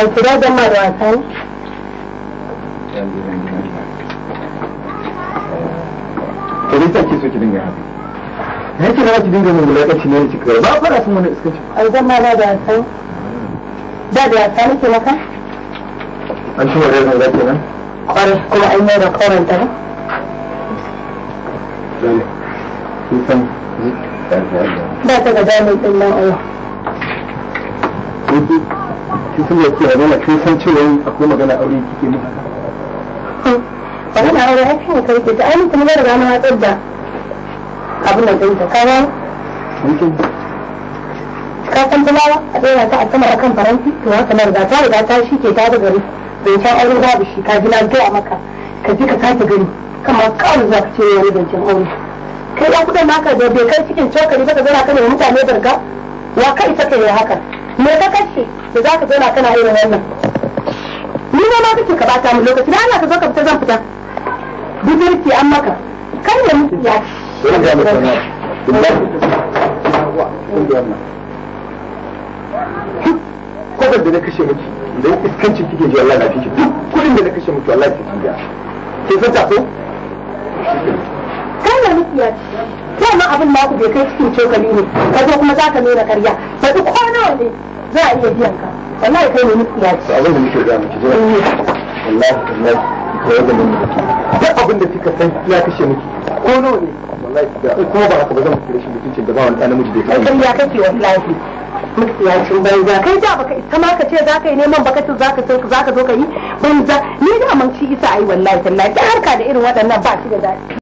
الفراغ ده مرة ثانية Kalisa ke so ki dinga Na ce na ki dinga mun wulaƙaci ne Ba fara sun wani Ai zan ma da da san. Da da san nake maka? An shi wadai zan zaki nan? kuma an yi da kwarin ta ba. Dole. Kin ta ga jami'in nan Allah. shi sun yake ya nuna kin san cewa akwai magana aure kike ne magana aure ai kan kai ke ta ai kuma da rana hatsar da abin da kai ta kawo ka san fulawa a tsaya ta a sama akan faranti to haka nan da ta riga ta shi ke ta da gari bai san aure babu shi ka ji na gaya maka ka ji ka sake gari kamar kawai za ka ce yau zancen aure kai ya kudin maka da bai kai cikin cokali ba ka zana ka ne mutane barga wa kai saka ya haka me ka kace da za ka zauna kana irin wannan ni ma ma kake ka bata mu lokaci na Allah ka zo ka fita zan fita bijirki an maka kai da miki ya Kwabar da na kashe miki da ya iskanci kike ji Allah na fi duk kuɗin da na kashe miki Allah ki tuga. Sai san taso? Kai da miki ya ce, dama abin na ku bai kai cikin cokali ne, ka zo kuma za ka nuna karya, ba duk dole za a iya biyan ka wallahi kai ne miki ya ce abin da muke ga miki jira eh. wallahi da mun miki duk abin da kika san ya kashe miki ko nawa ne wallahi da kuma ba haka ba zan miki rashin mutuncin da ba wani ɗan namiji da ya kai ya kake wallahi mutsiyacin banza kai da baka ita ma ka ce za ka yi neman baka ce za ka za ka zo ka yi banza ni da man shi isa ayi wallahi tallahi harka da irin waɗannan ba shi da daɗi